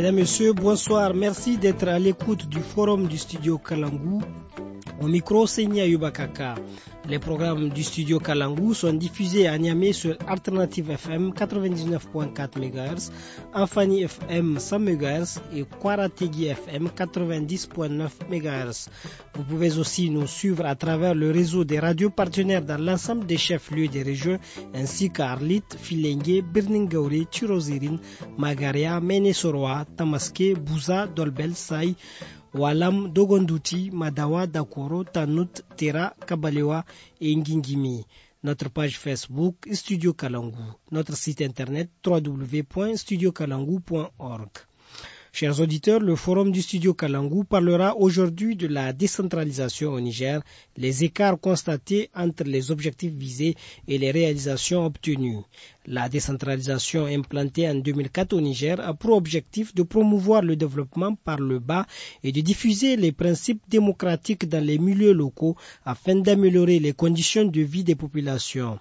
Mesdames, Messieurs, bonsoir. Merci d'être à l'écoute du forum du studio Kalangou. Au micro, Seigneur Yubakaka. Les programmes du studio Kalangu sont diffusés à Niamey sur Alternative FM 99.4 MHz, Amphani FM 100 MHz et Kwarategi FM 90.9 MHz. Vous pouvez aussi nous suivre à travers le réseau des radios partenaires dans l'ensemble des chefs-lieux des régions ainsi Arlit, Filengue, Birningauri, Turozirin, Magaria, Menesoroa, Tamaske, Bouza, Dolbel, walam dogonduti madawa dakoro tanut tera kabalewa et ngingimi notre page Facebook Studio Kalangu, notre site internet studio org Chers auditeurs, le forum du studio Kalangou parlera aujourd'hui de la décentralisation au Niger, les écarts constatés entre les objectifs visés et les réalisations obtenues. La décentralisation implantée en 2004 au Niger a pour objectif de promouvoir le développement par le bas et de diffuser les principes démocratiques dans les milieux locaux afin d'améliorer les conditions de vie des populations.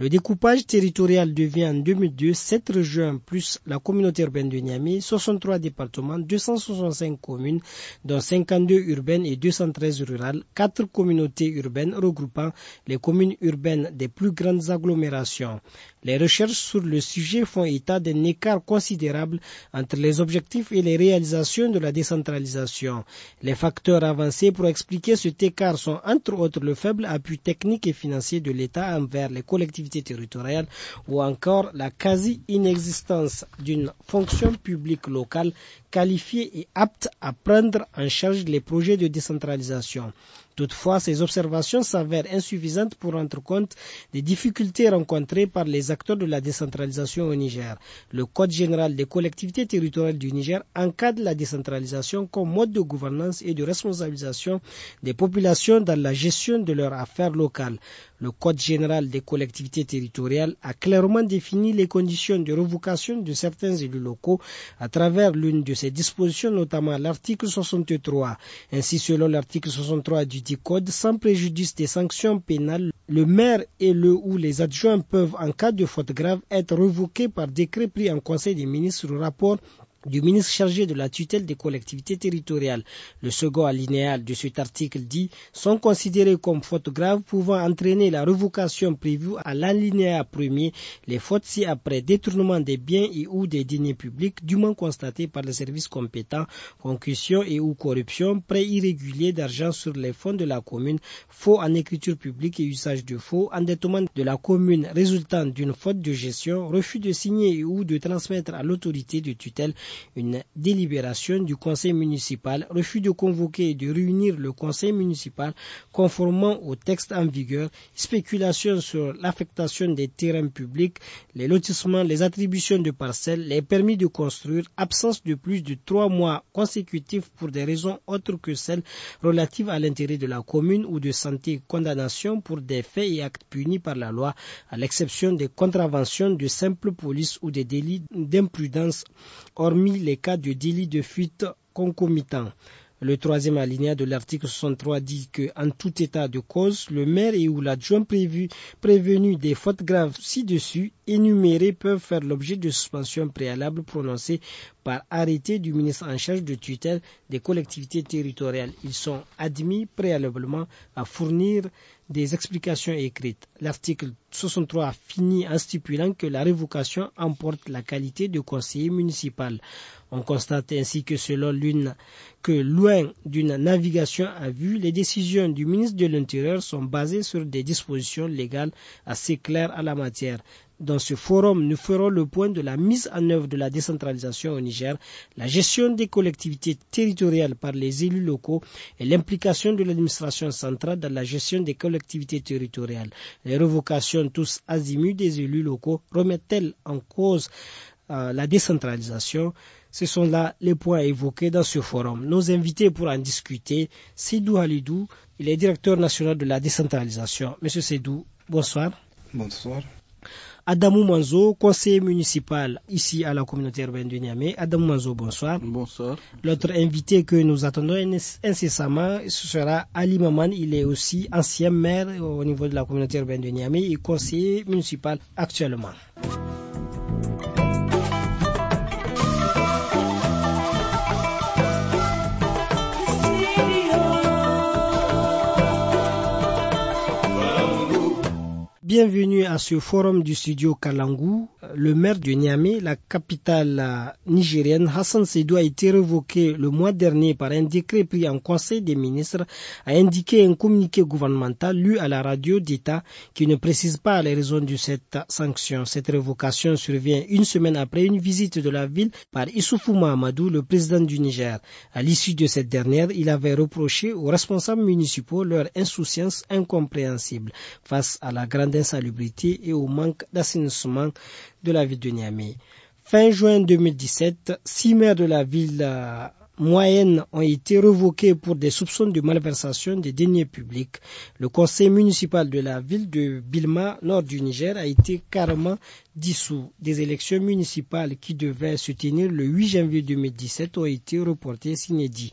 Le découpage territorial devient en 2002 7 régions plus la communauté urbaine de Niamey, 63 départements, 265 communes, dont 52 urbaines et 213 rurales, 4 communautés urbaines regroupant les communes urbaines des plus grandes agglomérations. Les recherches sur le sujet font état d'un écart considérable entre les objectifs et les réalisations de la décentralisation. Les facteurs avancés pour expliquer cet écart sont entre autres le faible appui technique et financier de l'État envers les collectivités Territoriale ou encore la quasi-inexistence d'une fonction publique locale qualifiée et apte à prendre en charge les projets de décentralisation. Toutefois, ces observations s'avèrent insuffisantes pour rendre compte des difficultés rencontrées par les acteurs de la décentralisation au Niger. Le Code général des collectivités territoriales du Niger encadre la décentralisation comme mode de gouvernance et de responsabilisation des populations dans la gestion de leurs affaires locales. Le Code général des collectivités territoriales a clairement défini les conditions de revocation de certains élus locaux à travers l'une de ses dispositions, notamment l'article 63. Ainsi, selon l'article 63 du dit Code, sans préjudice des sanctions pénales, le maire et le ou les adjoints peuvent, en cas de faute grave, être revoqués par décret pris en Conseil des ministres rapport du ministre chargé de la tutelle des collectivités territoriales. Le second alinéa de cet article dit sont considérés comme fautes graves pouvant entraîner la revocation prévue à l'alinéa premier les fautes si après détournement des biens et ou des deniers publics dûment constatés par les services compétents, concussion et ou corruption, prêt irrégulier d'argent sur les fonds de la commune, faux en écriture publique et usage de faux, endettement de la commune résultant d'une faute de gestion, refus de signer et ou de transmettre à l'autorité de tutelle une délibération du conseil municipal refus de convoquer et de réunir le conseil municipal conformément au texte en vigueur, spéculation sur l'affectation des terrains publics, les lotissements, les attributions de parcelles, les permis de construire, absence de plus de trois mois consécutifs pour des raisons autres que celles relatives à l'intérêt de la commune ou de santé, condamnation pour des faits et actes punis par la loi, à l'exception des contraventions de simple police ou des délits d'imprudence, hormis les cas de délit de fuite concomitant. Le troisième alinéa de l'article 63 dit que, en tout état de cause, le maire et ou l'adjoint prévu, prévenu des fautes graves ci-dessus énumérées peuvent faire l'objet de suspensions préalables prononcées par arrêté du ministre en charge de tutelle des collectivités territoriales. Ils sont admis préalablement à fournir des explications écrites. L'article 63 finit en stipulant que la révocation emporte la qualité de conseiller municipal. On constate ainsi que selon l'une, que loin d'une navigation à vue, les décisions du ministre de l'Intérieur sont basées sur des dispositions légales assez claires à la matière. Dans ce forum, nous ferons le point de la mise en œuvre de la décentralisation au Niger, la gestion des collectivités territoriales par les élus locaux et l'implication de l'administration centrale dans la gestion des collectivités territoriales. Les revocations tous azimuts des élus locaux remettent-elles en cause euh, la décentralisation ce sont là les points évoqués dans ce forum. Nos invités pour en discuter, Sidou Halidou, il est directeur national de la décentralisation. Monsieur Sidou, bonsoir. Bonsoir. Adam Manzo, conseiller municipal ici à la communauté urbaine de Niamey. Adam Manzo, bonsoir. Bonsoir. L'autre invité que nous attendons incessamment, ce sera Ali Maman. Il est aussi ancien maire au niveau de la communauté urbaine de Niamey et conseiller municipal actuellement. Bienvenue à ce forum du studio Kalangu. Le maire de Niamey, la capitale nigérienne, Hassan Seydou a été révoqué le mois dernier par un décret pris en Conseil des ministres, a indiqué un communiqué gouvernemental lu à la radio d'État qui ne précise pas les raisons de cette sanction. Cette révocation survient une semaine après une visite de la ville par Issoufou Mahamadou, le président du Niger. À l'issue de cette dernière, il avait reproché aux responsables municipaux leur insouciance incompréhensible face à la grande et au manque d'assainissement de la ville de Niamey. Fin juin 2017, six maires de la ville euh, moyenne ont été revoqués pour des soupçons de malversation des deniers publics. Le conseil municipal de la ville de Bilma, nord du Niger, a été carrément dissous. Des élections municipales qui devaient se tenir le 8 janvier 2017 ont été reportées s'inédit.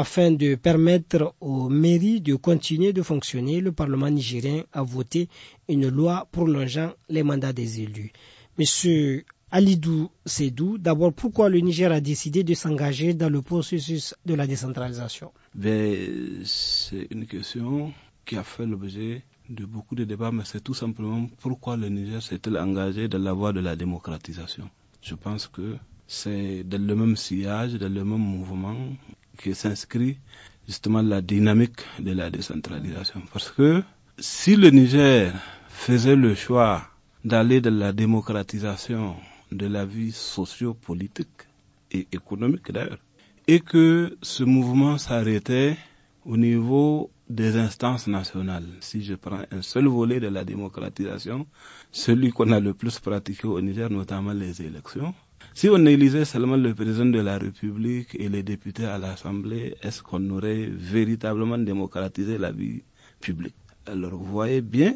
Afin de permettre aux mairies de continuer de fonctionner, le Parlement nigérien a voté une loi prolongeant les mandats des élus. Monsieur Alidou Sedou, d'abord, pourquoi le Niger a décidé de s'engager dans le processus de la décentralisation ben, C'est une question qui a fait l'objet de beaucoup de débats, mais c'est tout simplement pourquoi le Niger s'est-il engagé dans la voie de la démocratisation. Je pense que c'est dans le même sillage, dans le même mouvement qui s'inscrit justement la dynamique de la décentralisation. Parce que si le Niger faisait le choix d'aller de la démocratisation de la vie socio et économique d'ailleurs, et que ce mouvement s'arrêtait au niveau des instances nationales. Si je prends un seul volet de la démocratisation, celui qu'on a le plus pratiqué au Niger, notamment les élections, si on élisait seulement le président de la République et les députés à l'Assemblée, est-ce qu'on aurait véritablement démocratisé la vie publique Alors vous voyez bien,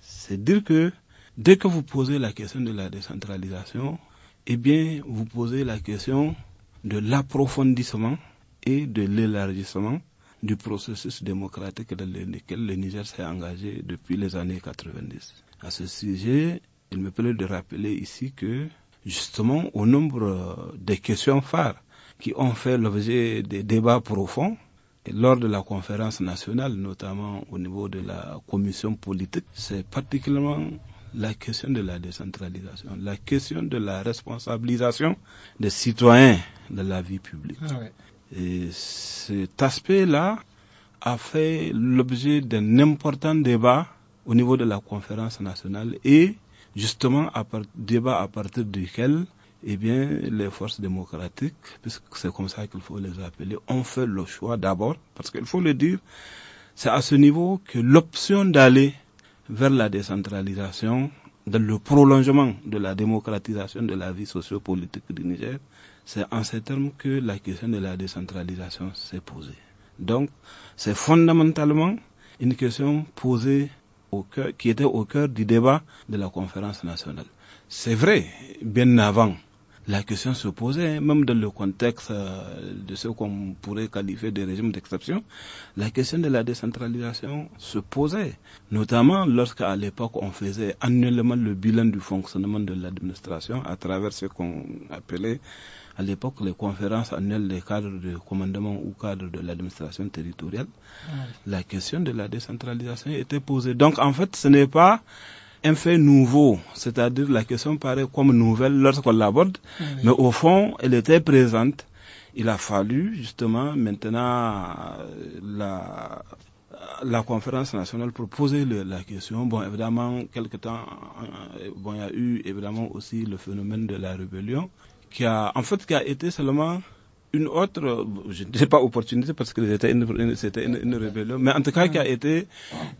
c'est dire que dès que vous posez la question de la décentralisation, eh bien, vous posez la question de l'approfondissement et de l'élargissement du processus démocratique dans lequel le Niger s'est engagé depuis les années 90. À ce sujet, il me plaît de rappeler ici que justement au nombre euh, des questions phares qui ont fait l'objet des débats profonds lors de la conférence nationale, notamment au niveau de la commission politique. C'est particulièrement la question de la décentralisation, la question de la responsabilisation des citoyens de la vie publique. Ah et cet aspect-là a fait l'objet d'un important débat au niveau de la conférence nationale et justement à débat à partir duquel eh bien, les forces démocratiques, puisque c'est comme ça qu'il faut les appeler, ont fait le choix d'abord, parce qu'il faut le dire, c'est à ce niveau que l'option d'aller vers la décentralisation, dans le prolongement de la démocratisation de la vie sociopolitique du Niger, c'est en ces termes que la question de la décentralisation s'est posée. Donc, c'est fondamentalement une question posée qui était au cœur du débat de la conférence nationale. C'est vrai, bien avant, la question se posait, même dans le contexte euh, de ce qu'on pourrait qualifier de régime d'exception, la question de la décentralisation se posait, notamment lorsqu'à l'époque on faisait annuellement le bilan du fonctionnement de l'administration à travers ce qu'on appelait à l'époque les conférences annuelles des cadres de commandement ou cadres de l'administration territoriale, ah. la question de la décentralisation était posée. Donc en fait, ce n'est pas un fait nouveau, c'est-à-dire la question paraît comme nouvelle lorsqu'on l'aborde, ah mais au fond, elle était présente. Il a fallu justement maintenant la la conférence nationale pour poser la question. Bon, évidemment, quelque temps, euh, bon, il y a eu évidemment aussi le phénomène de la rébellion qui a, en fait, qui a été seulement une autre, je ne dis pas opportunité parce que c'était une, une, rébellion, mais en tout cas qui a été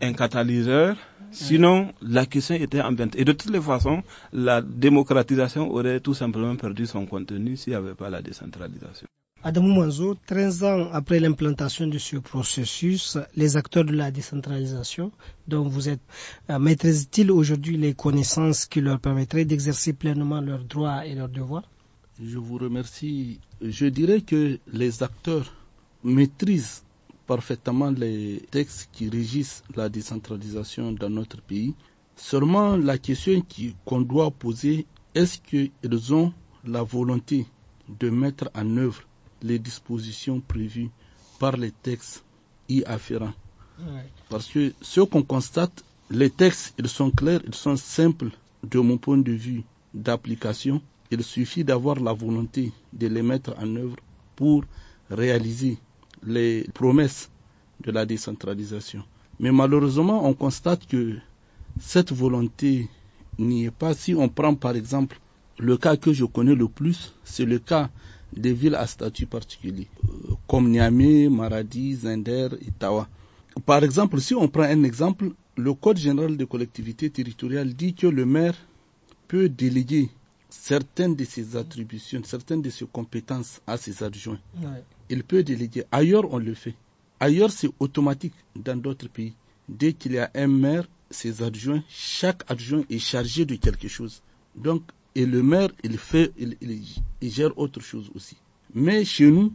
un catalyseur. Sinon, la question était ambiante. Et de toutes les façons, la démocratisation aurait tout simplement perdu son contenu s'il n'y avait pas la décentralisation. Adamou Mouanzo, 13 ans après l'implantation de ce processus, les acteurs de la décentralisation dont vous êtes euh, maîtrisent-ils aujourd'hui les connaissances qui leur permettraient d'exercer pleinement leurs droits et leurs devoirs je vous remercie. Je dirais que les acteurs maîtrisent parfaitement les textes qui régissent la décentralisation dans notre pays. Seulement, la question qu'on doit poser, est-ce qu'ils ont la volonté de mettre en œuvre les dispositions prévues par les textes y afférents Parce que ce qu'on constate, les textes, ils sont clairs, ils sont simples de mon point de vue d'application, il suffit d'avoir la volonté de les mettre en œuvre pour réaliser les promesses de la décentralisation. Mais malheureusement, on constate que cette volonté n'y est pas. Si on prend par exemple le cas que je connais le plus, c'est le cas des villes à statut particulier, euh, comme Niamey, Maradi, Zinder Itawa. Par exemple, si on prend un exemple, le Code général des collectivités territoriales dit que le maire peut déléguer certaines de ses attributions, certaines de ses compétences à ses adjoints. Il peut déléguer. Ailleurs, on le fait. Ailleurs, c'est automatique dans d'autres pays. Dès qu'il y a un maire, ses adjoints, chaque adjoint est chargé de quelque chose. Donc, et le maire, il fait, il, gère autre chose aussi. Mais chez nous,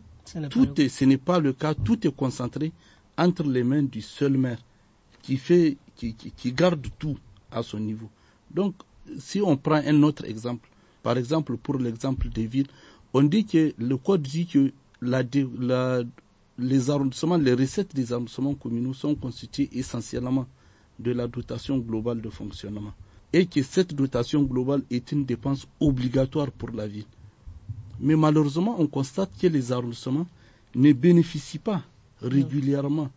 tout ce n'est pas le cas. Tout est concentré entre les mains du seul maire qui fait, qui garde tout à son niveau. Donc, si on prend un autre exemple, par exemple, pour l'exemple des villes, on dit que le code dit que les arrondissements, les recettes des arrondissements communaux sont constituées essentiellement de la dotation globale de fonctionnement et que cette dotation globale est une dépense obligatoire pour la ville. Mais malheureusement, on constate que les arrondissements ne bénéficient pas régulièrement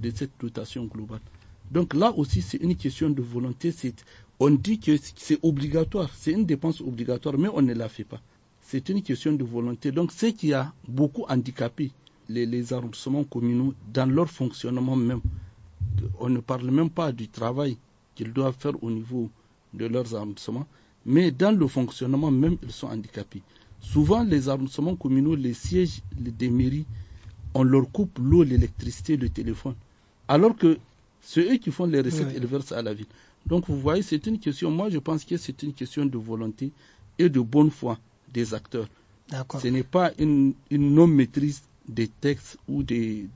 de cette dotation globale. Donc là aussi, c'est une question de volonté on dit que c'est obligatoire, c'est une dépense obligatoire, mais on ne la fait pas. C'est une question de volonté. Donc, ce qui a beaucoup handicapé les, arrondissements communaux dans leur fonctionnement même, on ne parle même pas du travail qu'ils doivent faire au niveau de leurs arrondissements, mais dans le fonctionnement même, ils sont handicapés. Souvent, les arrondissements communaux, les sièges des mairies, on leur coupe l'eau, l'électricité, le téléphone. Alors que ceux eux qui font les recettes ils versent à la ville. Donc vous voyez, c'est une question, moi je pense que c'est une question de volonté et de bonne foi des acteurs. Ce n'est pas une, non-maîtrise des textes ou des,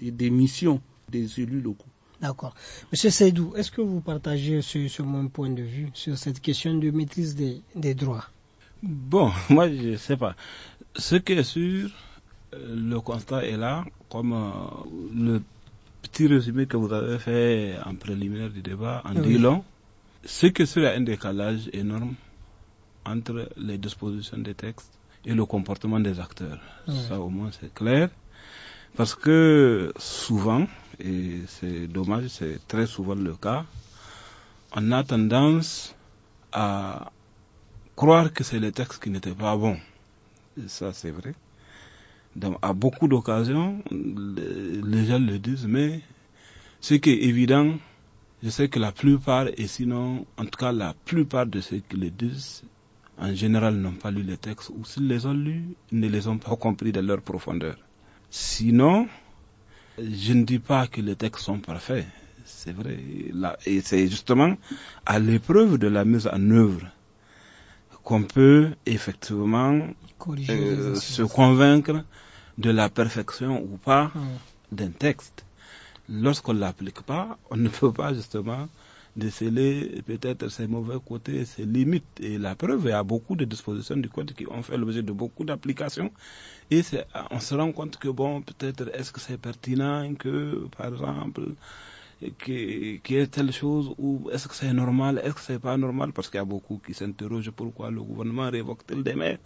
des, missions des élus locaux. D'accord. Monsieur Seydou, est-ce que vous partagez ce, ce, même point de vue sur cette question de maîtrise des, droits Bon, moi je ne sais pas. Ce qui est sûr, euh, le constat est là, comme euh, le petit résumé que vous avez fait en préliminaire du débat, en disant c'est que c'est un décalage énorme entre les dispositions des textes et le comportement des acteurs. Ça au moins c'est clair. Parce que souvent, et c'est dommage, c'est très souvent le cas, on a tendance à croire que c'est les textes qui n'étaient pas bons. ça c'est vrai à beaucoup d'occasions, les gens le disent, mais ce qui est évident, je sais que la plupart, et sinon, en tout cas, la plupart de ceux qui le disent, en général, n'ont pas lu les textes, ou s'ils les ont lus, ne les ont pas compris de leur profondeur. Sinon, je ne dis pas que les textes sont parfaits, c'est vrai. et c'est justement à l'épreuve de la mise en œuvre qu'on peut effectivement euh, se convaincre de la perfection ou pas d'un texte. Lorsqu'on ne l'applique pas, on ne peut pas justement déceler peut-être ses mauvais côtés, ses limites. Et la preuve, il y a beaucoup de dispositions du code qui ont fait l'objet de beaucoup d'applications. Et on se rend compte que, bon, peut-être est-ce que c'est pertinent que, par exemple, qui, est telle chose ou est-ce que c'est normal, est-ce que c'est pas normal parce qu'il y a beaucoup qui s'interrogent pourquoi le gouvernement révoque-t-il des maires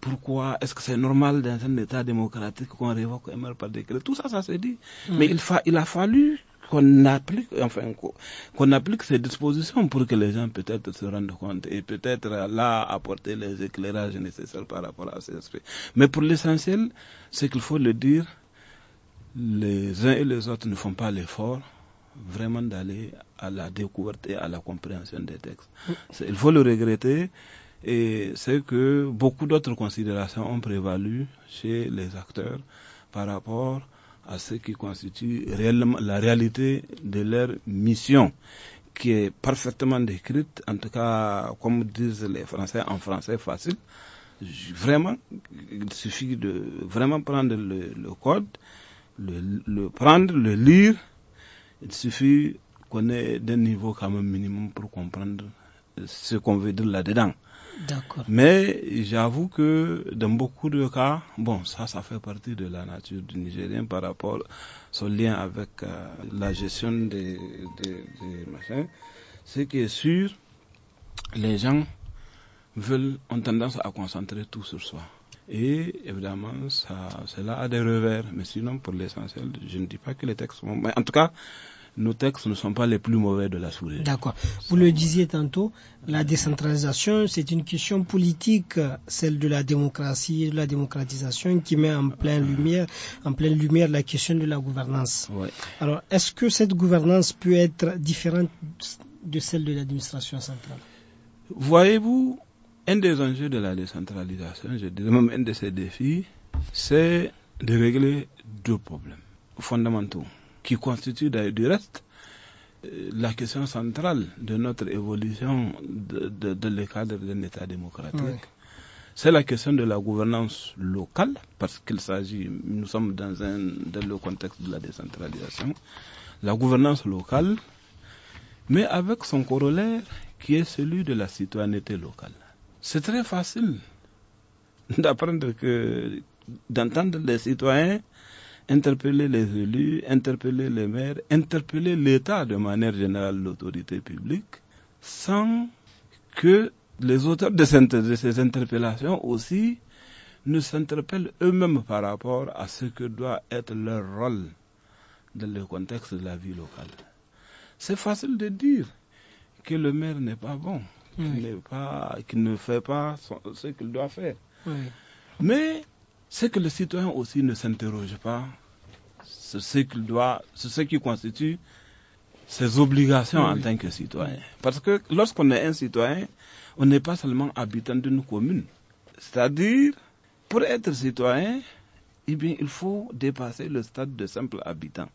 pourquoi est-ce que c'est normal dans un État démocratique qu'on révoque un maire par décret Tout ça, ça se dit. Mm. Mais il, il a fallu qu'on applique, enfin, qu'on applique ces dispositions pour que les gens peut-être se rendent compte et peut-être là apporter les éclairages nécessaires par rapport à ces aspects. Mais pour l'essentiel, c'est qu'il faut le dire, les uns et les autres ne font pas l'effort vraiment d'aller à la découverte et à la compréhension des textes. Il faut le regretter, et c'est que beaucoup d'autres considérations ont prévalu chez les acteurs par rapport à ce qui constitue réellement la réalité de leur mission, qui est parfaitement décrite, en tout cas, comme disent les Français, en français facile. Vraiment, il suffit de vraiment prendre le, code, le prendre, le lire, il suffit qu'on ait d'un niveau quand même minimum pour comprendre ce qu'on veut dire là-dedans. D'accord. Mais j'avoue que dans beaucoup de cas, bon, ça, ça fait partie de la nature du Nigérien par rapport à son lien avec euh, la gestion des, des, des machins. Ce qui est sûr, les gens veulent, ont tendance à concentrer tout sur soi. Et évidemment, cela a des revers. Mais sinon, pour l'essentiel, je ne dis pas que les textes Mais en tout cas, nos textes ne sont pas les plus mauvais de la souris. D'accord. Vous le disiez tantôt, la décentralisation, c'est une question politique, celle de la démocratie, de la démocratisation, qui met en pleine lumière, en pleine lumière la question de la gouvernance. Alors, est-ce que cette gouvernance peut être différente de celle de l'administration centrale Voyez-vous, un des enjeux de la décentralisation, je dirais même un de ses défis, c'est de régler deux problèmes fondamentaux qui constituent du reste euh, la question centrale de notre évolution de, de, le cadre d'un État démocratique. C'est la question de la gouvernance locale, parce qu'il s'agit, nous sommes dans, un, dans le contexte de la décentralisation, la gouvernance locale, mais avec son corollaire qui est celui de la citoyenneté locale. C'est très facile d'apprendre que, d'entendre les citoyens interpeller les élus, interpeller les maires, interpeller l'État de manière générale, l'autorité publique, sans que les auteurs de ces interpellations aussi ne s'interpellent eux-mêmes par rapport à ce que doit être leur rôle dans le contexte de la vie locale. C'est facile de dire que le maire n'est pas bon, qui, ne fait pas ce qu'il doit faire. Mais c'est que le citoyen aussi ne s'interroge pas sur ce qu'il doit, ce qui constitue ses obligations en tant que citoyen. Parce que lorsqu'on est un citoyen, on n'est pas seulement habitant d'une commune. C'est-à-dire, pour être citoyen, eh il faut dépasser le stade de simple habitant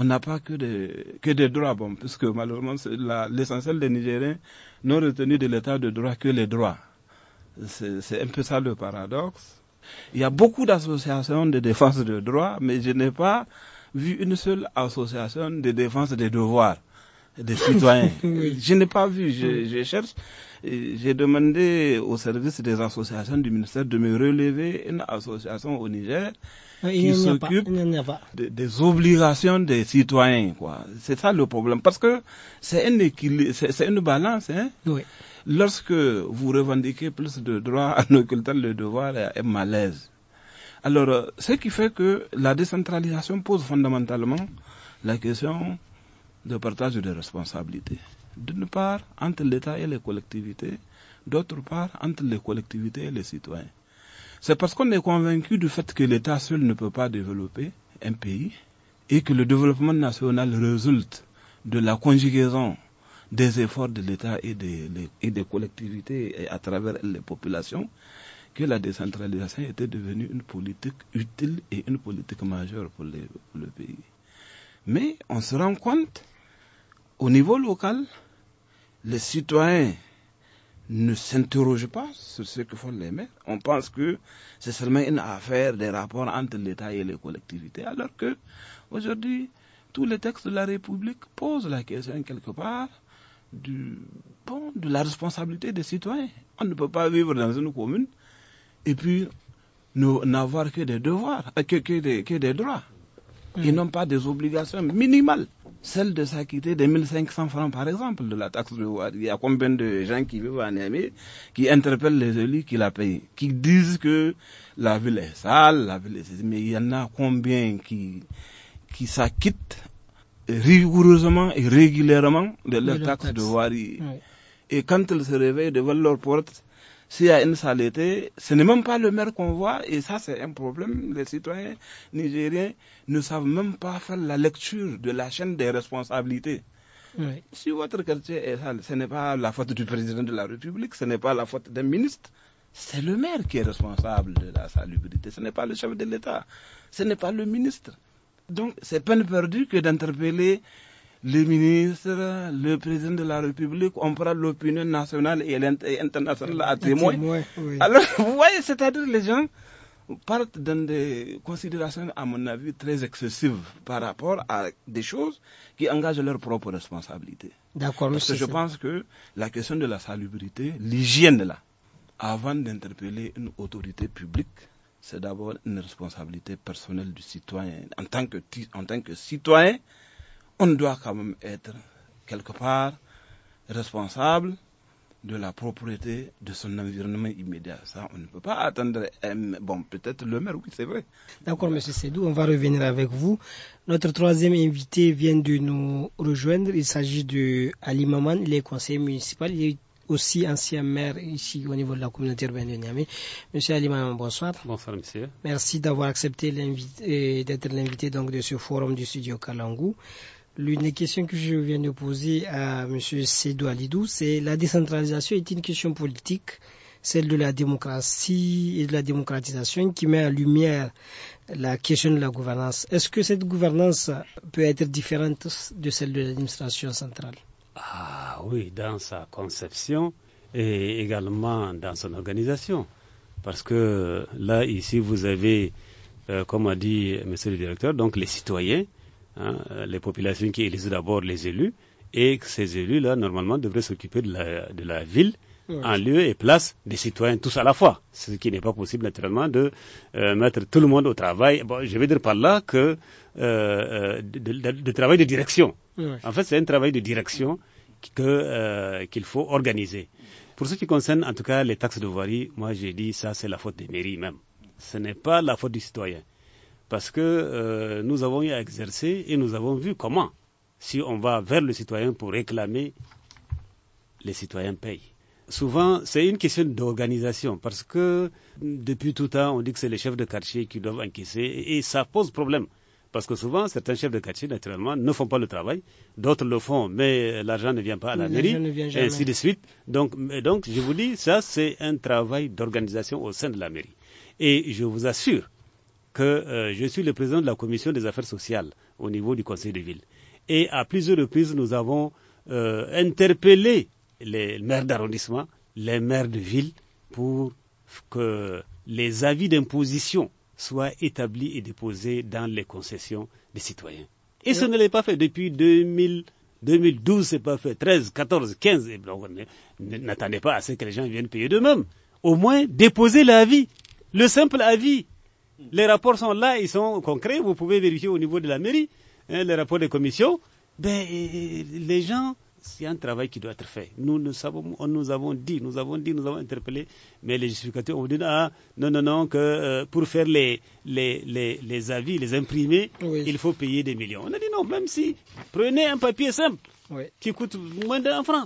on n'a pas que des, que des droits, bon, puisque malheureusement, l'essentiel des Nigériens n'ont retenu de l'état de droit que les droits. C'est un peu ça le paradoxe. Il y a beaucoup d'associations de défense de droits, mais je n'ai pas vu une seule association de défense des devoirs des citoyens. je n'ai pas vu, je, cherche. J'ai demandé au service des associations du ministère de me relever une association au Niger qui s'occupe des obligations des citoyens. quoi. C'est ça le problème. Parce que c'est c'est une balance. Hein? Lorsque vous revendiquez plus de droits en occultant le devoir, il malaise. Alors, ce qui fait que la décentralisation pose fondamentalement la question de partage des responsabilités. D'une part, entre l'État et les collectivités, d'autre part, entre les collectivités et les citoyens. C'est parce qu'on est convaincu du fait que l'État seul ne peut pas développer un pays et que le développement national résulte de la conjugaison des efforts de l'État et des, collectivités et à travers les populations, que la décentralisation était devenue une politique utile et une politique majeure pour le pays. Mais on se rend compte, au niveau local, les citoyens ne s'interroge pas sur ce que font les maires. On pense que c'est seulement une affaire des rapports entre l'État et les collectivités, alors que aujourd'hui, tous les textes de la République posent la question quelque part du, de la responsabilité des citoyens. On ne peut pas vivre dans une commune et puis n'avoir que des devoirs, euh, que, que, des, que des droits. Mmh. Ils hmm. n'ont pas des obligations minimales. Celle de s'acquitter des 1500 francs, par exemple, de la taxe de voirie. Il y a combien de gens qui vivent à Niamey qui interpellent les élus qui la payent, qui disent que la ville est sale, la ville est... Mais il y en a combien qui, qui s'acquittent rigoureusement et régulièrement de leur taxe, de voirie. Et quand ils se réveillent devant leur porte, s'il y a une saleté, ce n'est même pas le maire qu'on voit, et ça c'est un problème. Les citoyens nigériens ne savent même pas faire la lecture de la chaîne des responsabilités. Si votre quartier est sale, ce n'est pas la faute du président de la République, ce n'est pas la faute d'un ministre, c'est le maire qui est responsable de la salubrité, ce n'est pas le chef de l'État, ce n'est pas le ministre. Donc c'est peine perdue que d'interpeller les ministres, le président de la République, on prend l'opinion nationale et internationale à témoin. Alors, vous voyez, c'est-à-dire les gens partent dans des considérations, à mon avis, très excessives par rapport à des choses qui engagent leur propre responsabilité. D'accord, Parce que je pense que la question de la salubrité, l'hygiène là, avant d'interpeller une autorité publique, c'est d'abord une responsabilité personnelle du citoyen. En tant que, en tant que citoyen, on doit quand même être quelque part responsable de la propriété de son environnement immédiat. Ça, on ne peut pas attendre. Eh, bon, peut-être le maire, oui, c'est vrai. D'accord, Monsieur Sédou, on va revenir avec vous. Notre troisième invité vient de nous rejoindre. Il s'agit de Ali Maman, il est conseiller municipal. Il est aussi ancien maire ici au niveau de la communauté urbaine de Niamey. Monsieur Ali Maman, bonsoir. Bonsoir, monsieur. Merci d'avoir accepté euh, d'être l'invité donc de ce forum du studio Kalangou. L'une des questions que je viens de poser à M. sédoualidou, Alidou, c'est la décentralisation est une question politique, celle de la démocratie et de la démocratisation qui met en lumière la question de la gouvernance. Est-ce que cette gouvernance peut être différente de celle de l'administration centrale Ah oui, dans sa conception et également dans son organisation. Parce que là, ici, vous avez, euh, comme a dit M. le directeur, donc les citoyens Hein, les populations qui élisent d'abord les élus, et que ces élus-là, normalement, devraient s'occuper de la, ville en lieu et place des citoyens tous à la fois. Ce qui n'est pas possible, naturellement, de euh, mettre tout le monde au travail. Bon, je vais dire par là que euh, euh de, travail de direction. En fait, c'est un travail de direction euh, qu'il faut organiser. Pour ce qui concerne, en tout cas, les taxes de voirie, moi, j'ai dit, ça, c'est la faute des mairies même. Ce n'est pas la faute du citoyen parce que euh, nous avons eu à exercer et nous avons vu comment, si on va vers le citoyen pour réclamer, les citoyens payent. Souvent, c'est une question d'organisation, parce que depuis tout temps, on dit que c'est les chefs de quartier qui doivent encaisser, et, ça pose problème. Parce que souvent, certains chefs de quartier, naturellement, ne font pas le travail. D'autres le font, mais l'argent ne vient pas à la mairie, et ainsi de suite. donc, je vous dis, ça, c'est un travail d'organisation au sein de la mairie. Et je vous assure euh, je suis le président de la commission des affaires sociales au niveau du conseil de ville. Et à plusieurs reprises, nous avons euh, interpellé les maires d'arrondissement, les maires de ville, pour que les avis d'imposition soient établis et déposés dans les concessions des citoyens. Et ce ne l'est pas fait depuis 2000. 2012, n'est pas fait. 13, 14, 15. n'attendez pas à ce que les gens viennent payer d'eux-mêmes. Au moins, déposez l'avis. Le simple avis Mm. Les rapports sont là, ils sont concrets, vous pouvez vérifier au niveau de la mairie, hein, les rapports des commissions. Ben, les gens, c'est un travail qui doit être fait. Nous, nous, avons dit, nous avons dit, nous avons interpellé, mais les justificateurs ont dit, ah, non, non, non, que euh, pour faire les, les, les, avis, les imprimer, il faut payer des millions. On a dit non, même si, prenez un papier simple, qui coûte moins d'un franc.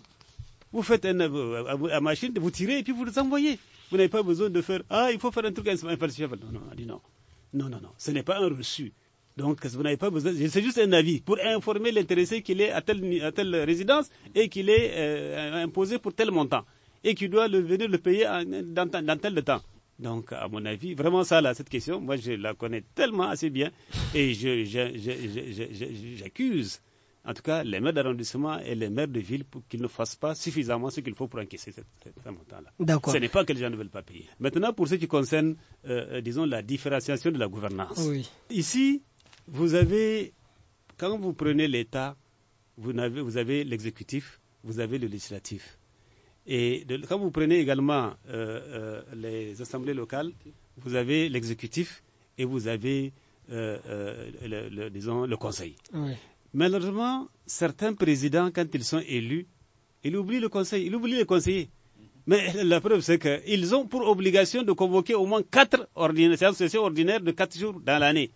Vous faites une euh, machine, vous tirez et puis vous les envoyez. Vous n'avez pas besoin de faire Ah, il faut faire un truc Non, non, non. Non, non, non. Ce n'est pas un reçu. Donc, vous n'avez pas besoin. C'est juste un avis pour informer l'intéressé qu'il est à telle, résidence et qu'il est euh, imposé pour tel montant et qu'il doit venir le payer dans, tel temps. Donc, à mon avis, vraiment ça, là, cette question, moi, je la connais tellement assez bien et j'accuse je, je, en tout cas les maires d'arrondissement et les maires de ville pour qu'ils ne fassent pas suffisamment ce qu'il faut pour encaisser ce, montant-là. Ce n'est pas que les gens ne veulent pas payer. Maintenant, pour ce qui concerne, euh, euh, disons, la différenciation de la gouvernance. Ici, vous avez, quand vous prenez l'État, vous avez, l'exécutif, vous avez le législatif. Et quand vous prenez également euh, les assemblées locales, vous avez l'exécutif et vous avez, le, disons, le conseil. Oui. Malheureusement, certains présidents, quand ils sont élus, ils oublient le conseil, ils oublient les conseillers. Mhm. Mais la preuve, c'est qu'ils ont pour obligation de convoquer au moins quatre sessions ordinaires de quatre jours dans l'année.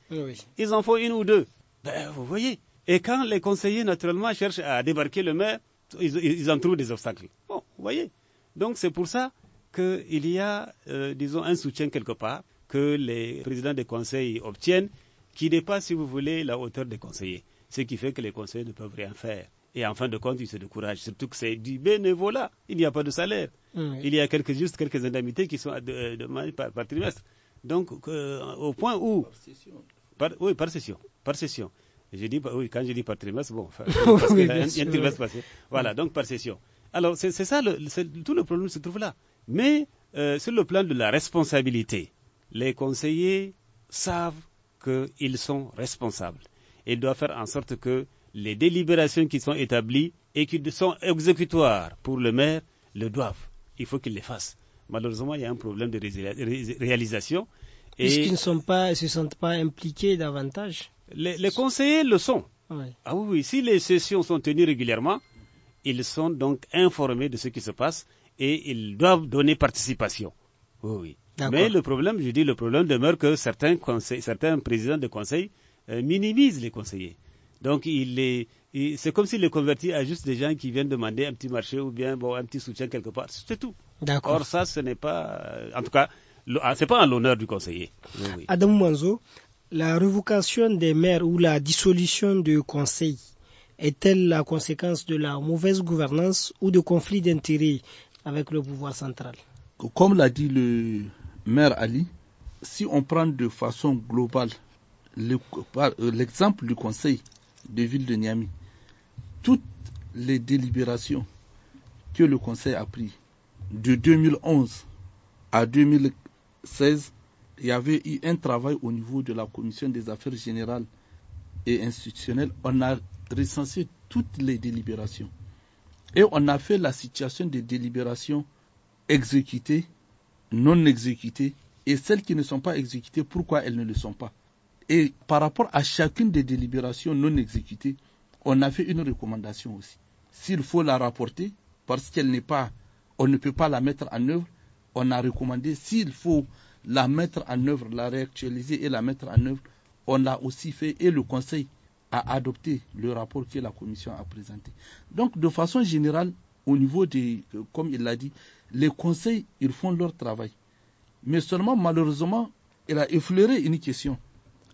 Ils en font une ou deux. Ben, vous voyez. Et quand les conseillers, naturellement, cherchent à débarquer le maire, ils, en trouvent des obstacles. vous voyez. Donc, c'est pour ça qu'il y a, euh, disons, un soutien quelque part que les présidents des conseils obtiennent qui dépasse, si vous voulez, la hauteur des conseillers ce qui fait que les conseillers ne peuvent rien faire. Et en fin de compte, ils se découragent, surtout que c'est du bénévolat, il n'y a pas de salaire. Il y a quelques, juste quelques indemnités qui sont euh, demandées euh, par, trimestre. Donc, euh, au point où... Par session. oui, par session. Par session. Je dis, oui, quand je dis par trimestre, bon, parce qu'il y a un, trimestre passé. Voilà, donc par session. Alors, c'est ça, tout le problème se trouve là. Mais sur le plan de la responsabilité, les conseillers savent qu'ils sont responsables il doit faire en sorte que les délibérations qui sont établies et qui sont exécutoires pour le maire le doivent. Il faut qu'il les fasse. Malheureusement, il y a un problème de réalisation. est ne sont pas, se sentent pas impliqués davantage Les, conseillers le sont. Ah oui, oui, si les sessions sont tenues régulièrement, ils sont donc informés de ce qui se passe et ils doivent donner participation. Oui, oui. Mais le problème, je dis, le problème demeure que certains, certains présidents de conseils euh, minimise les conseillers. Donc, il c'est comme s'il les convertit à juste des gens qui viennent demander un petit marché ou bien bon, un petit soutien quelque part. C'est tout. Or, ça, ce n'est pas, euh, en tout cas, n'est ah, pas en l'honneur du conseiller. Adam Mouanzo, la révocation des maires ou la dissolution du conseil est-elle la conséquence de la mauvaise gouvernance ou de conflits d'intérêts avec le pouvoir central Comme l'a dit le maire Ali, si on prend de façon globale euh, l'exemple du conseil de ville de Niamey, toutes les délibérations que le conseil a prises de 2011 à 2016, il y avait eu un travail au niveau de la commission des affaires générales et institutionnelles. On a recensé toutes les délibérations et on a fait la situation des délibérations exécutées, non exécutées et celles qui ne sont pas exécutées, pourquoi elles ne le sont pas et par rapport à chacune des délibérations non exécutées, on a fait une recommandation aussi. S'il faut la rapporter, parce qu'elle n'est pas, on ne peut pas la mettre en œuvre, on a recommandé, s'il faut la mettre en œuvre, la réactualiser et la mettre en œuvre, on l'a aussi fait et le Conseil a adopté le rapport que la Commission a présenté. Donc, de façon générale, au niveau des, euh, comme il l'a dit, les conseils, ils font leur travail. Mais seulement, malheureusement, il a effleuré une question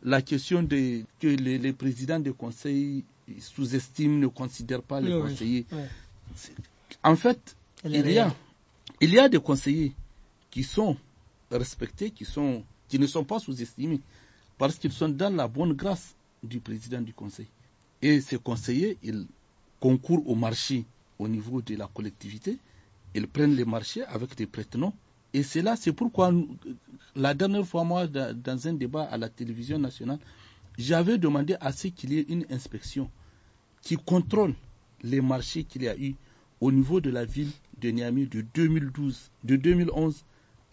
la question de, que les, présidents de conseil sous-estiment, ne considèrent pas les conseillers. En fait, il y, a, des conseillers qui sont respectés, qui, sont, qui ne sont pas sous-estimés, parce qu'ils sont dans la bonne grâce du président du conseil. Et ces conseillers, ils concourent au marché au niveau de la collectivité, ils prennent les marchés avec des prétendants. Et c'est là, c'est pourquoi euh, la dernière fois, moi, dans un débat à la télévision nationale, j'avais demandé à ce qu'il y ait une inspection qui contrôle les marchés qu'il y a eu au niveau de la ville de Niamey de 2012, de 2011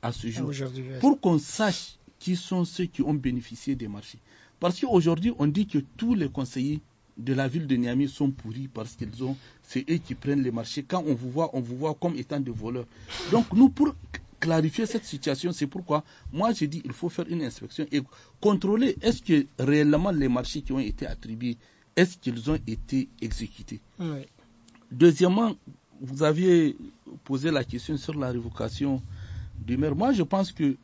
à ce jour, ah, pour qu'on sache qui sont ceux qui ont bénéficié des marchés. Parce qu'aujourd'hui, on dit que tous les conseillers de la ville de Niamey sont pourris parce qu'ils ont, c'est eux qui prennent les marchés. Quand on vous voit, on vous voit comme étant des voleurs. Donc nous, pour clarifier cette situation. C'est pourquoi moi j'ai dit il faut faire une inspection et contrôler est-ce que réellement les marchés qui ont été attribués, est-ce qu'ils ont été exécutés. Deuxièmement, vous aviez posé la question sur la révocation du maire. Moi je pense que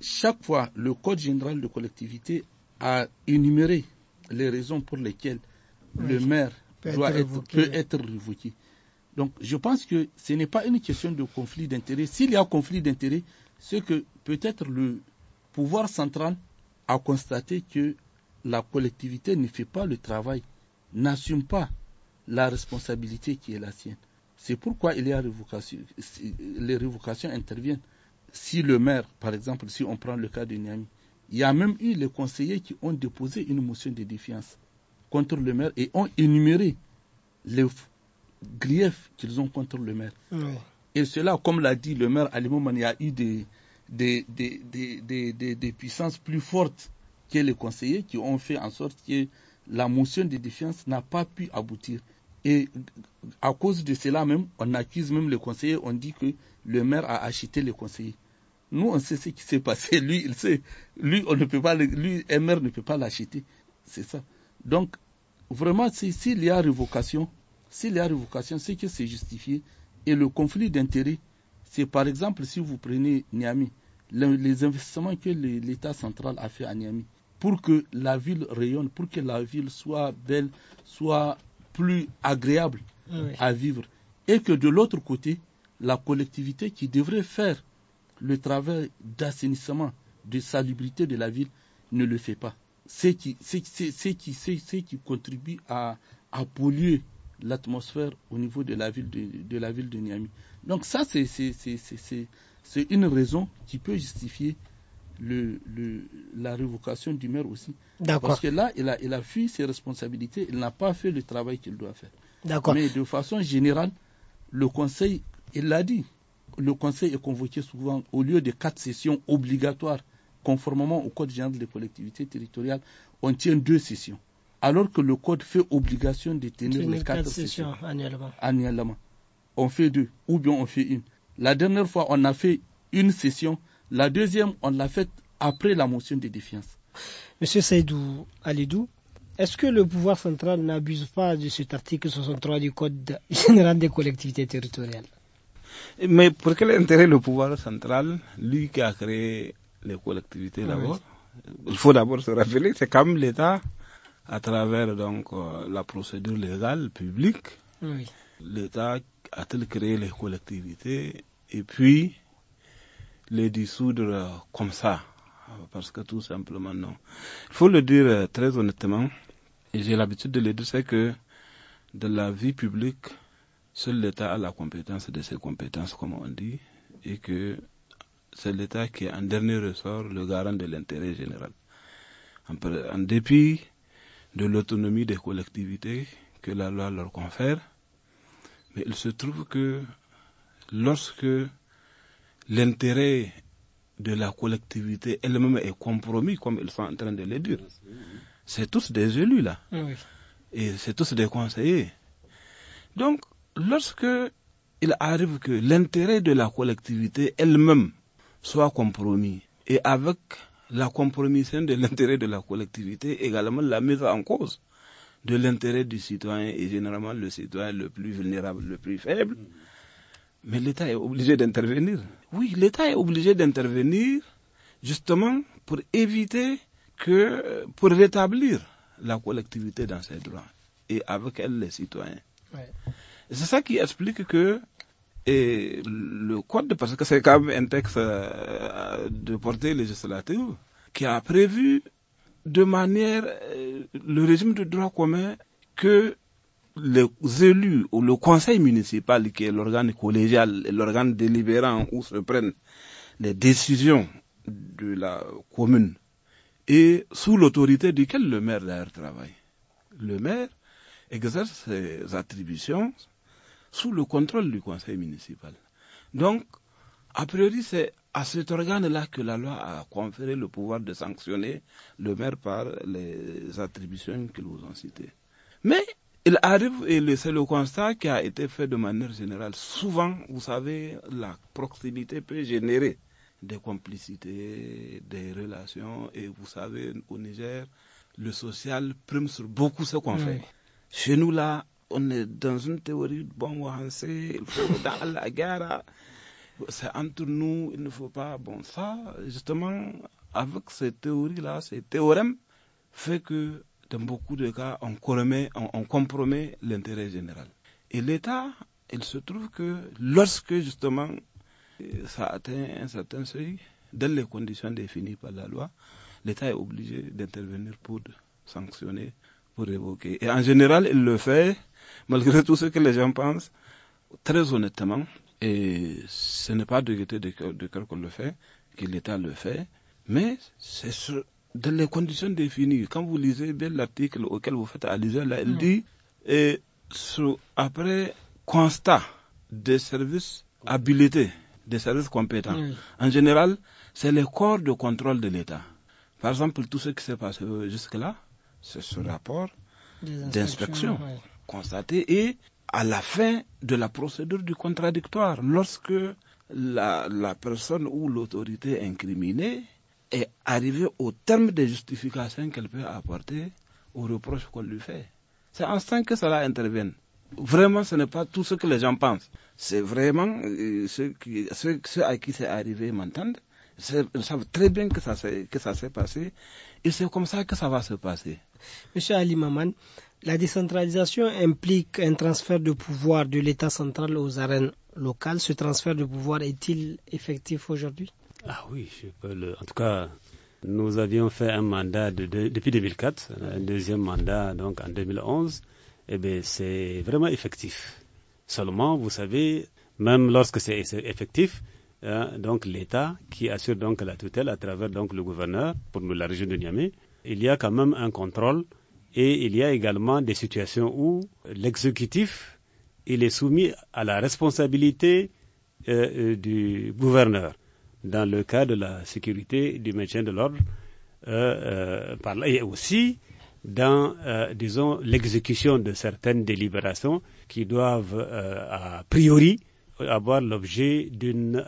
chaque fois le Code général de collectivité a énuméré les raisons pour lesquelles le maire doit peut être révoqué. Donc je pense que ce n'est pas une question de conflit d'intérêts. S'il y a conflit d'intérêts, c'est que peut-être le pouvoir central a constaté que la collectivité ne fait pas le travail, n'assume pas la responsabilité qui est la sienne. C'est pourquoi il y a les révocations interviennent. Si le maire, par exemple, si on prend le cas de Niami, il y a même eu les conseillers qui ont déposé une motion de défiance contre le maire et ont énuméré les griefs qu'ils ont contre le maire. Et cela, comme l'a dit le maire l'époque, il y a eu des, des, des, des, puissances plus fortes que les conseillers qui ont fait en sorte que la motion de défiance n'a pas pu aboutir. Et à cause de cela même, on accuse même les conseillers, on dit que le maire a acheté les conseillers. Nous, on sait ce qui s'est passé. Lui, il sait. Lui, on ne peut pas, lui, un maire ne peut pas l'acheter. C'est ça. Donc, vraiment, s'il si, y a révocation, c'est la révocation, c'est que c'est justifié. Et le conflit d'intérêts, c'est par exemple si vous prenez Niamey, les investissements que l'État central a fait à Niamey pour que la ville rayonne, pour que la ville soit belle, soit plus agréable à vivre. Et que de l'autre côté, la collectivité qui devrait faire le travail d'assainissement, de salubrité de la ville, ne le fait pas. C'est qui, qui, contribue à polluer l'atmosphère au niveau de la ville de, la ville de Niamey. Donc ça, c'est une raison qui peut justifier le, la révocation du maire aussi. Parce que là, il a, il a fui ses responsabilités, il n'a pas fait le travail qu'il doit faire. Mais de façon générale, le Conseil, il l'a dit, le Conseil est convoqué souvent au lieu de quatre sessions obligatoires, conformément au Code général des collectivités territoriales, on tient deux sessions alors que le code fait obligation de tenir, les quatre, sessions, annuellement. On fait deux, ou bien on fait une. La dernière fois, on a fait une session. La deuxième, on l'a faite après la motion de défiance. Monsieur Saïdou Alidou, est-ce que le pouvoir central n'abuse pas de cet article 63 du Code général des collectivités territoriales Mais pour quel intérêt le pouvoir central, lui qui a créé les collectivités ah d'abord Il faut d'abord se rappeler, c'est quand même l'État à travers donc euh, la procédure légale publique, oui. l'État a-t-il créé les collectivités et puis les dissoudre euh, comme ça Parce que tout simplement non. Il faut le dire euh, très honnêtement, et j'ai l'habitude de le dire, c'est que de la vie publique, seul l'État a la compétence de ses compétences, comme on dit, et que c'est l'État qui est en dernier ressort le garant de l'intérêt général. En, dépit de l'autonomie des collectivités que la loi leur confère. Mais il se trouve que lorsque l'intérêt de la collectivité elle-même est compromis, comme ils sont en train de le dire, c'est tous des élus là. Ah et c'est tous des conseillers. Donc, lorsque il arrive que l'intérêt de la collectivité elle-même soit compromis, et avec la compromission de l'intérêt de la collectivité, également la mise en cause de l'intérêt du citoyen et généralement le citoyen le plus vulnérable, le plus faible. Mais l'État est obligé d'intervenir. Oui, l'État est obligé d'intervenir justement pour éviter que, pour rétablir la collectivité dans ses droits et avec elle les citoyens. C'est ça qui explique que et le code, parce que c'est quand même un texte euh, de portée législative, qui a prévu de manière euh, le régime de droit commun que les élus ou le conseil municipal, qui est l'organe collégial, et l'organe délibérant où se prennent les décisions de la commune, et sous l'autorité duquel le maire d'ailleurs travaille. Le maire exerce ses attributions sous le contrôle du conseil municipal. Donc, a priori, c'est à cet organe-là que la loi a conféré le pouvoir de sanctionner le maire par les attributions que vous ont citées. Mais il arrive, et c'est le constat qui a été fait de manière générale, souvent, vous savez, la proximité peut générer des complicités, des relations, et vous savez, au Niger, le social prime sur beaucoup ce qu'on fait. Chez nous, là, on est dans une théorie de bon sait, il faut dans la guerre, c'est entre nous, il ne faut pas. Bon, ça, justement, avec ces théories-là, ces théorèmes, fait que dans beaucoup de cas, on on compromet l'intérêt général. Et l'État, il se trouve que lorsque justement ça atteint un certain seuil, dans les conditions définies par la loi, l'État est obligé d'intervenir pour sanctionner pour évoquer. Et en général, il le fait, malgré tout ce que les gens pensent, très honnêtement. Et ce n'est pas de gaieté de cœur qu'on le fait, que l'État le fait, mais c'est dans les conditions définies. Quand vous lisez bien l'article auquel vous faites allusion, là, il dit, et après constat des services habilités, des services compétents, en général, c'est le corps de contrôle de l'État. Par exemple, tout ce qui s'est passé jusque-là, c'est ce rapport d'inspection constaté et à la fin de la procédure du contradictoire, lorsque la, personne ou l'autorité incriminée est arrivée au terme des justifications qu'elle peut apporter aux reproches qu'on lui fait. C'est en ce temps que cela intervient. Vraiment, ce n'est pas tout ce que les gens pensent. C'est vraiment euh, ceux, qui, à qui c'est arrivé m'entendent. Ils savent très bien que ça s'est passé et c'est comme ça que ça va se passer. Monsieur Ali Maman, la décentralisation implique un transfert de pouvoir de l'État central aux arènes locales. Ce transfert de pouvoir est-il effectif aujourd'hui Ah oui, je peux en tout cas, nous avions fait un mandat depuis 2004, un deuxième mandat donc en 2011. Eh bien, c'est vraiment effectif. Seulement, vous savez, même lorsque c'est effectif, hein, donc l'État qui assure donc la tutelle à travers donc le gouverneur pour la région de Niamey, il y a quand même un contrôle et il y a également des situations où l'exécutif est soumis à la responsabilité euh, euh, du gouverneur dans le cas de la sécurité du maintien de l'ordre euh, et aussi dans, disons, l'exécution de certaines délibérations qui doivent, a priori, avoir l'objet d'une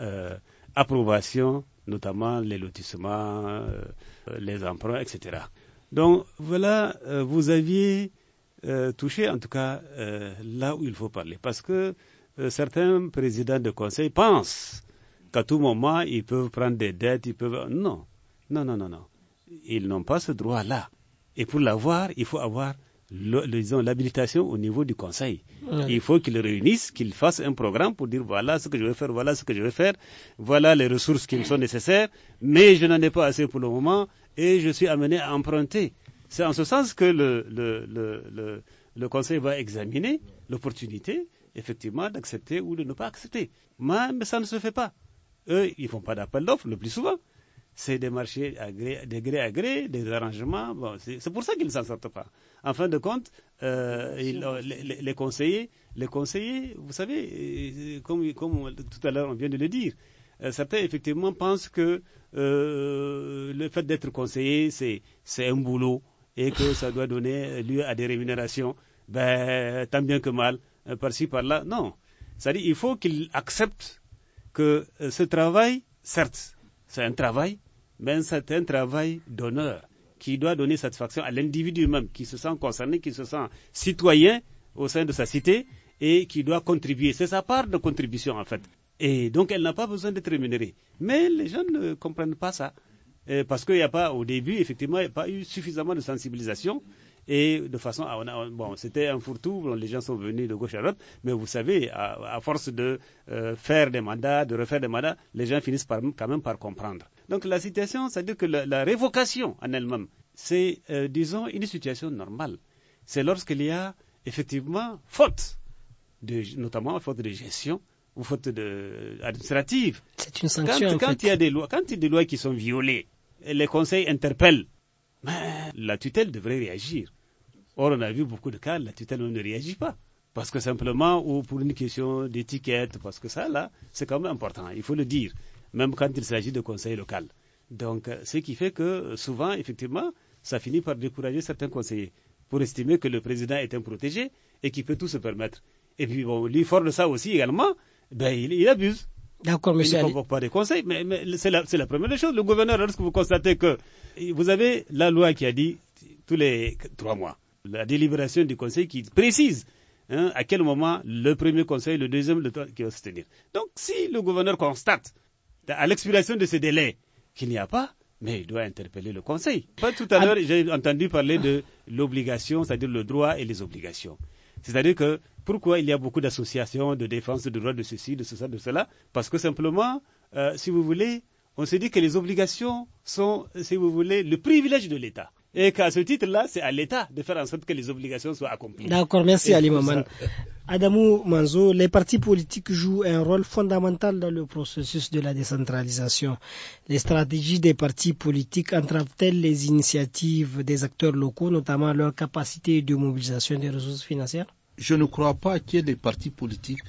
approbation notamment les lotissements, euh, les emprunts, etc. Donc voilà, euh, vous aviez euh, touché en tout cas là où il faut parler, parce que certains présidents de conseil pensent qu'à tout moment, ils peuvent prendre des dettes, ils peuvent... Non, non, non, non, non. Ils n'ont pas ce droit-là. Et pour l'avoir, il faut avoir disons l'habilitation au niveau du conseil. Il faut qu'ils réunissent, qu'ils fassent un programme pour dire voilà ce que je vais faire, voilà ce que je vais faire, voilà les ressources qui me sont nécessaires, mais je n'en ai pas assez pour le moment et je suis amené à emprunter. C'est en ce sens que le, conseil va examiner l'opportunité, effectivement, d'accepter ou de ne pas accepter. Mais, ça ne se fait pas. Eux, ils ne font pas d'appel d'offres le plus souvent c'est des marchés de gré à gré, des arrangements. c'est pour ça qu'ils ne s'en sortent pas. En fin de compte, euh, les, conseillers, les conseillers, vous savez, euh, comme, tout à l'heure on vient de le dire, euh, certains effectivement pensent que le fait d'être conseiller, c'est un boulot et que ça doit donner lieu à des rémunérations, ben, tant bien que mal, par-ci, par-là. Non. C'est-à-dire, il faut qu'ils acceptent que ce travail, certes, c'est un travail, mais un travail d'honneur qui doit donner satisfaction à l'individu même qui se sent concerné, qui se sent citoyen au sein de sa cité et qui doit contribuer. C'est sa part de contribution en fait. Et donc elle n'a pas besoin d'être rémunérée. Mais les gens ne comprennent pas ça. Euh, parce qu'il n'y a pas, au début, effectivement, il n'y a pas eu suffisamment de sensibilisation. Et de façon bon, c'était un fourre-tout, les gens sont venus de gauche à droite, mais vous savez, à, force de euh, faire des mandats, de refaire des mandats, les gens finissent par, quand même par comprendre. Donc la situation, c'est-à-dire que la, révocation en elle-même, c'est, euh, disons, une situation normale. C'est lorsqu'il y a effectivement faute, notamment faute de gestion ou faute de, administrative. C'est une sanction. Quand, il y a des lois, quand il des lois qui sont violées, les conseils interpellent. la tutelle devrait réagir. Or, on a vu beaucoup de cas, la tutelle ne réagit pas. Parce que simplement, ou pour une question d'étiquette, parce que ça, là, c'est quand même important, il faut le dire même quand il s'agit de conseils local. Donc, euh, ce qui fait que euh, souvent, effectivement, ça finit par décourager certains conseillers pour estimer que le président est un protégé et qu'il peut tout se permettre. Et puis, bon, lui, fort ça aussi également, ben, il, abuse. D'accord, monsieur. Il ne convoque pas des conseils, mais, c'est la, première des choses. Le gouverneur, lorsque vous constatez que vous avez la loi qui a dit tous les trois mois, la délibération du conseil qui précise hein, à quel moment le premier conseil, le deuxième, le troisième qui va se tenir. Donc, si le gouverneur constate à l'expiration de ce délai qu'il n'y a pas, mais il doit interpeller le Conseil. Pas tout à ah. l'heure, j'ai entendu parler de l'obligation, c'est-à-dire le droit et les obligations. C'est-à-dire que pourquoi il y a beaucoup d'associations de défense de droit de ceci, de cela, de cela Parce que simplement, euh, si vous voulez, on se dit que les obligations sont, si vous voulez, le privilège de l'État. Et qu'à ce titre-là, c'est à l'État de faire en sorte que les obligations soient accomplies. D'accord, merci Ali Maman. Adamou Manzo, les partis politiques jouent un rôle fondamental dans le processus de la décentralisation. Les stratégies des partis politiques entravent-elles les initiatives des acteurs locaux, notamment leur capacité de mobilisation des ressources financières Je ne crois pas que les partis politiques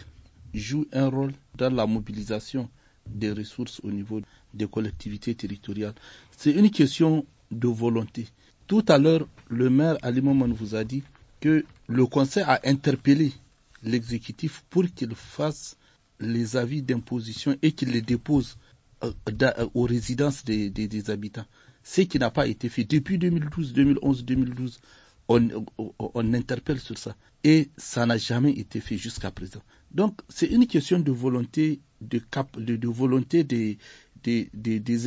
jouent un rôle dans la mobilisation des ressources au niveau des collectivités territoriales. C'est une question de volonté. Tout à l'heure, le maire Ali vous a dit que le Conseil a interpellé l'exécutif pour qu'il fasse les avis d'imposition et qu'il les dépose euh, euh, aux résidences des, habitants. Ce qui n'a pas été fait depuis 2012, 2011, 2012. On, interpelle sur ça. Et ça n'a jamais été fait jusqu'à présent. Donc, c'est une question de volonté, de, de, volonté des,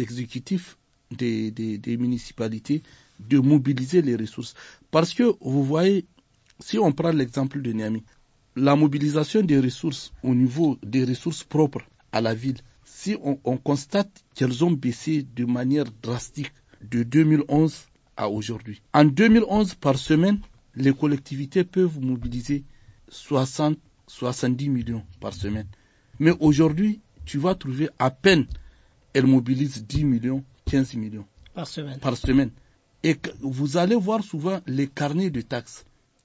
exécutifs des, municipalités de mobiliser les ressources. Parce que vous voyez, si on prend l'exemple de Niamey, la mobilisation des ressources au niveau des ressources propres à la ville, si on, constate qu'elles ont baissé de manière drastique de 2011 à aujourd'hui. En 2011, par semaine, les collectivités peuvent mobiliser 60, 70 millions par semaine. Mais aujourd'hui, tu vas trouver à peine, elles mobilisent 10 millions, 15 millions. Par semaine. Par semaine. Et vous allez voir souvent les carnets de taxes,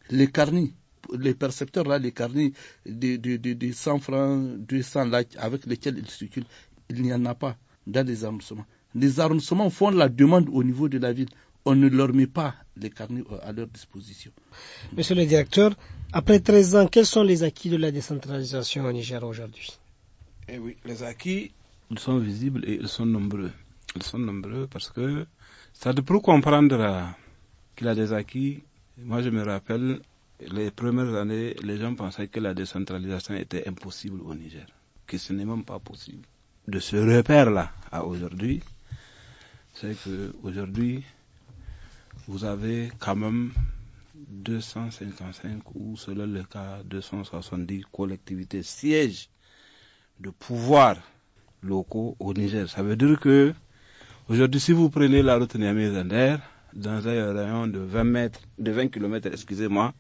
les carnets les percepteurs là, les carnets de, 100 francs, 200 lacs avec lesquels ils circulent, il n'y en a pas dans les arrondissements. Les arrondissements font la demande au niveau de la ville. On ne leur met pas les carnets euh, à leur disposition. Monsieur le directeur, après 13 ans, quels sont les acquis de la décentralisation au Niger aujourd'hui Eh oui, les acquis, ils sont visibles et ils sont nombreux. Ils sont nombreux parce que ça de pour comprendre euh, qu'il a des acquis, moi je me rappelle, les premières années, les gens pensaient que la décentralisation était impossible au Niger, que ce n'est même pas possible. De ce repère-là à aujourd'hui, c'est que aujourd'hui, vous avez quand même 255 ou selon le cas 270 collectivités sièges de pouvoir locaux au Niger. Ça veut dire que Aujourd'hui, si vous prenez la route Niamey-Zender, dans un rayon de 20 mètres, de 20 km, excusez-moi,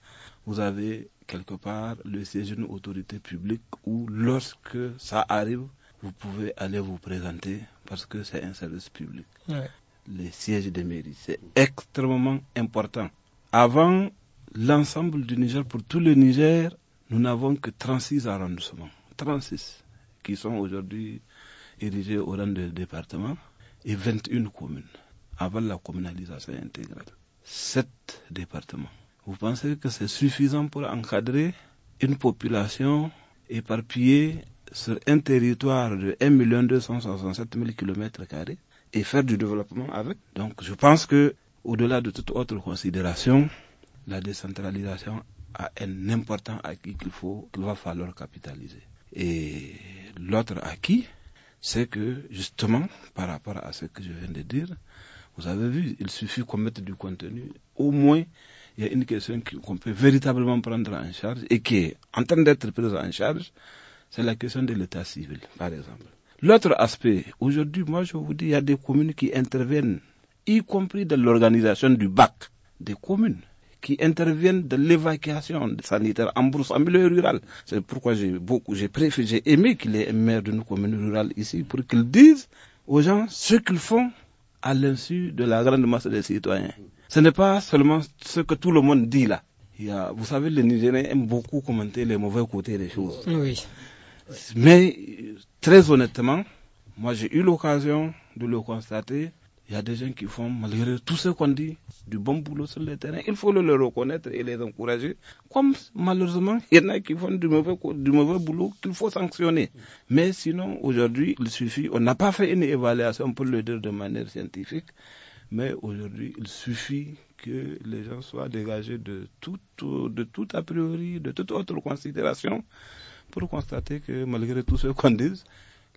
vous avez quelque part le siège d'une autorité publique où lorsque ça arrive, vous pouvez aller vous présenter parce que c'est un service public. Le Les sièges des mairies, c'est extrêmement important. Avant l'ensemble du Niger, pour tout le Niger, nous n'avons que 36 arrondissements. 36 qui sont aujourd'hui érigés au rang de département et 21 communes avant la communalisation intégrale. 7 départements. Vous pensez que c'est suffisant pour encadrer une population éparpillée sur un territoire de 1 267 000 km et faire du développement avec Donc je pense que au-delà de toute autre considération, la décentralisation a un important acquis qu'il faut qu'il va falloir capitaliser. Et l'autre acquis, c'est que justement, par rapport à ce que je viens de dire, vous avez vu, il suffit qu'on mette du contenu. Au moins, il y a une question qu'on peut véritablement prendre en charge et qui est en train d'être prise en charge, c'est la question de l'état civil, par exemple. L'autre aspect, aujourd'hui, moi je vous dis, il y a des communes qui interviennent, y compris dans l'organisation du bac des communes qui interviennent de l'évacuation sanitaire en brousse, en milieu rural. C'est pourquoi j'ai beaucoup, j'ai préféré, j'ai aimé qu'il un maire de nos communes rurales ici pour qu'ils disent aux gens ce qu'ils font à l'insu de la grande masse des citoyens. Ce n'est pas seulement ce que tout le monde dit là. vous savez, les Nigériens aiment beaucoup commenter les mauvais côtés des choses. Oui. Mais très honnêtement, moi j'ai eu l'occasion de le constater il y a des gens qui font, malgré tout ce qu'on dit, du bon boulot sur le terrain. Il faut le, reconnaître et les encourager. Comme malheureusement, il y en a qui font du mauvais, boulot qu'il faut sanctionner. Mais sinon, aujourd'hui, il suffit, on n'a pas fait une évaluation pour le dire de manière scientifique, mais aujourd'hui, il suffit que les gens soient dégagés de tout, de tout a priori, de toute autre considération pour constater que malgré tout ce qu'on dit,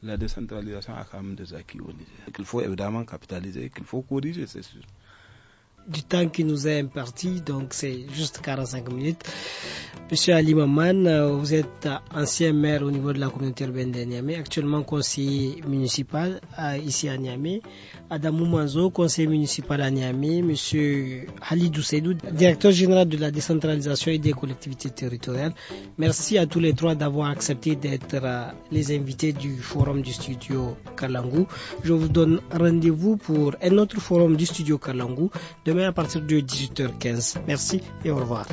la décentralisation a quand même des acquis au qu'il faut évidemment capitaliser, qu'il faut corriger, ces sûr du temps qui nous est imparti, donc c'est juste 45 minutes. Monsieur Ali Maman, euh, vous êtes ancien maire au niveau de la communauté urbaine de Niamey, actuellement conseiller municipal euh, ici à Niamey. Adamou Manzo, conseiller municipal à Niamey. Monsieur Ali Doucedou, directeur général de la décentralisation et des collectivités territoriales. Merci à tous les trois d'avoir accepté d'être euh, les invités du forum du studio Kalangou. Je vous donne rendez-vous pour un autre forum du studio Kalangou demain à partir de 18h15. Merci et au revoir.